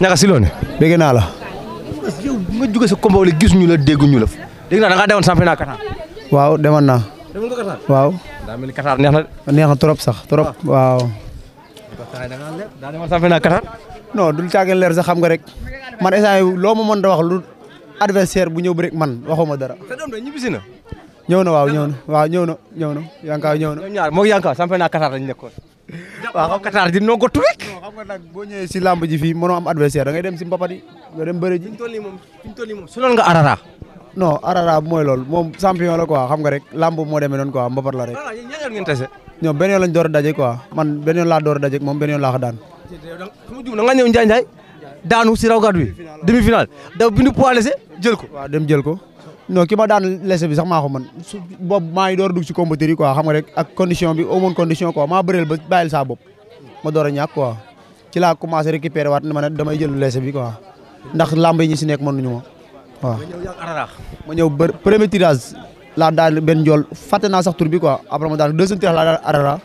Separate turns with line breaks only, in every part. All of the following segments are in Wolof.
ñaka si loone dégg naa la. yow nga jóge sa combat wala gis ñu la dégg ñu la dégg naa da ngaa demoon championnat Qatar. waaw demoon naa. waaw. daa mel ni Qatar neex na. trop sax trop ah. waaw. da ngaa leer daa demoon championnat Qatar. caagin leer sax xam nga rek man instant yii loo ma mën wax lu adversaire bu ñëw bi rek man waxuma dara. te na. ñëw na waaw ñëw na waaw ñëw na na yankaw ñëw na. ñoom ñaar moog yankaw championnat Qatar lañ nekkoon. waaw xam Qatar di ko tuwek. xam si lamb ji fii mënoo am adversaire da ngay dem si mbapat yi nga dem bëri ji. fi nga arara. non arara mooy loolu moom champion la quoi xam nga rek lamb moo demee noonu quoi mbapat la rek. voilà yéen ñaar ngeen tase. ñoom yoon lañ door man benn yoon laa door a moom benn yoon laa ko daan. da nga ñëw Ndiaye Ndiaye daanu si raw gàddu bi demi finale daw bindu poids laissé jël ko. waaw dem jël ko non ki ma daan lese bi sax maa ko mën su maa ngi door dug dugg ci combattre yi quoi xam nga rek ak condition bi amoon condition quoi maa bëreel ba bàyyil saa bopp ma door a ñàkk quoi ci laa commencé récupérer waat ne ma na damay jël lese bi quoi ndax lamb yi ñi si nekk moon mënuñu ma waaw. ma ñëw bër premier tirage laa daan ben jool fàtte naa sax tur bi quoi après ma daan deuxième tirage laa daan arara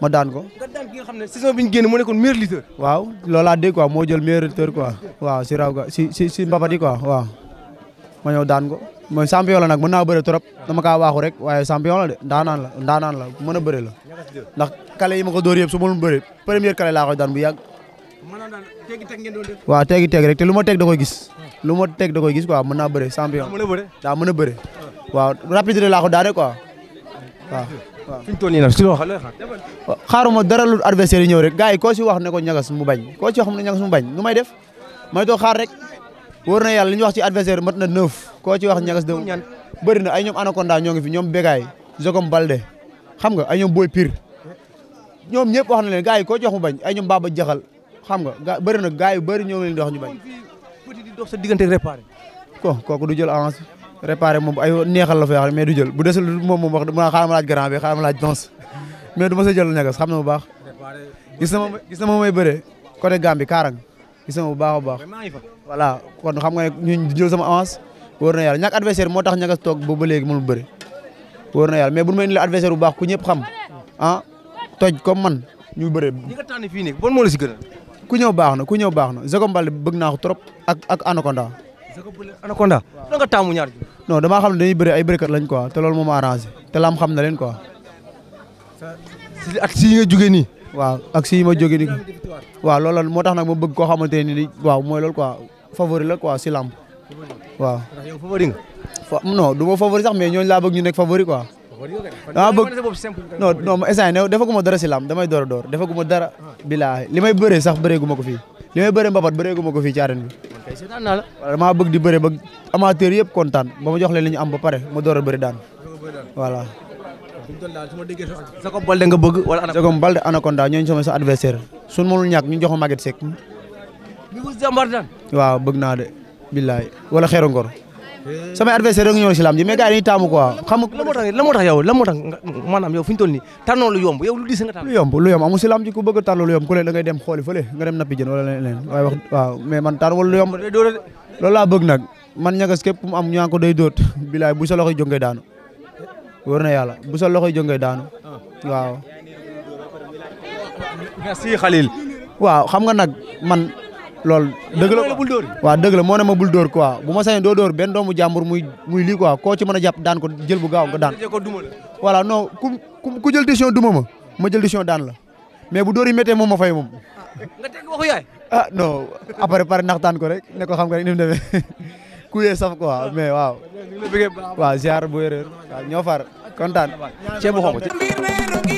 ma daan ko. nga ne saison bi ñu génn mu nekkoon meilleur lutteur. waaw loolaa dégg quoi moo jël meilleur lutteur quoi waaw si raw ga si si si mbapat yi quoi mooy champion la nag mën naa bëre trop dama kaa waaxu rek waaye champion la de ndaanaan la ndaanaan la mën a bëre la ndax kale yi ma ko dóor yëpp su ma doon bëre première kale laa koy daan bu yàgg. waaw teegi teeg rek te lu ma teg da gis lu ma teg da koy gis quoi mën naa bëre champion daa mën a bëre waaw rapide laa ko daane quoi waaw waaw fi ñu toll nii nag si loo xam xaaruma dara lu adversaire yi ñëw rek gars yi koo si wax ne ko ñagas mu bañ koo si wax ne ñagas mu bañ nu may def may toog xaar rek war na yàlla li ñu wax ci adversaire mat na neuf koo ci wax ñagas de ñan bëri na ay ñoom anaconda ñoo ngi fi ñoom Begaay Jocom Balde xam nga ay ñoom booy piir ñoom ñëpp wax na leen gars yi koo ci wax mu bañ ay ñoom Baba Jaxal xam nga ga bëri na gars yu bëri ñoo ngi leen di wax ñu bañ. petit di dox sa diggante réparé. ko kooku du jël avance réparé moom ay neexal la fa wax mais du jël bu desul moom moom wax dama xaaral ma laaj grand bi xaaral ma laaj danse mais du ma sa jël ñagas xam na bu baax. gis na ma gis na moom may bëree côté Gambie Kaarang gis bu baax a baax voilà kon xam nga ne ñu sama avance wóor na yàlla ñàkk adversaire moo tax ñagas toog ba ba léegi mënul bëri wóor na yàlla mais bu ñu may indil bu baax ku ñëpp xam ah toj comme man ñu bëree. ñi nga tànn fii nii bon moo la si gën a. ku ñëw baax na ku ñëw baax na Jacob Baldé bëgg naa ko trop ak ak Anaconda. Jacob Baldé Anaconda. da nga taamu ñaar damaa xam ne dañuy bëri ay bërikat lañ quoi te lool moom ma arrangé te laam xam na leen quoi. si at si yi nga jugee nii. waaw ak si ma jógee di ko waaw loolu moo tax nag ma bëgg koo xamante ne ni waaw mooy loolu quoi favori la ko si làmb waaw. yow favori nga. fa du ma favori sax mais ñooñu la bëgg ñu nekk favori quoi. dama bëgg non non ma instant yii defaguma dara si làmb damay door a door defaguma dara. bilaahi li may bëree sax bëreeguma ko fii li may bëree mbapat bëreeguma ko fii ci arène bi. damaa bëgg di bëre ba amateur yëpp kontaan ba ma jox leen li ñu am ba pare ma door a bëri daan voilà. buñ doon daal su ma déggee Jacob Baldé nga bëgg wala Jacob Baldé Anaconda ñooñu sama sa adversaire suñ mënul ñàkk ñu joxo Maguette Seck waaw bëgg naa de billaay wala xeeru ngor samay adversaire rek ñëw si lam ji mais gars yi dañuy taamu quoi xam nga la moo tax yow la moo tax maanaam yow fi ñu toll nii tànnoo yomb lu diis lu yomb lu yomb amu si ji ku bëgg a tànn yomb ku ne da dem xooli fële nga man tànn wala yomb loolu laa nag man ñagas képp mu am ñaa day dóot billaay bu sa loxo jóg ngay daanu wër na yàlla bu sa loxoy jóg ngay daanu ah. waaw. xam nga nag man. loolu dëgg la waaw dëgg la moo na ma bul dóor quoi bu ma sañoon doo dóor benn doomu jàmbur muy muy lii quoi koo ci mën a jàpp daan ko jël bu gaaw nga daan. voilà non ku ku jël décision duma ma ma jël décision daan la mais bu dóor yi méttee moom ma fay moom. ah, ah non après pare naxtaan ko rek ne ko xam nga rek ni mu kuy saf quoi mais waaw. waaw ziar bu wér waaw ñoo far kontaan ceebu xonk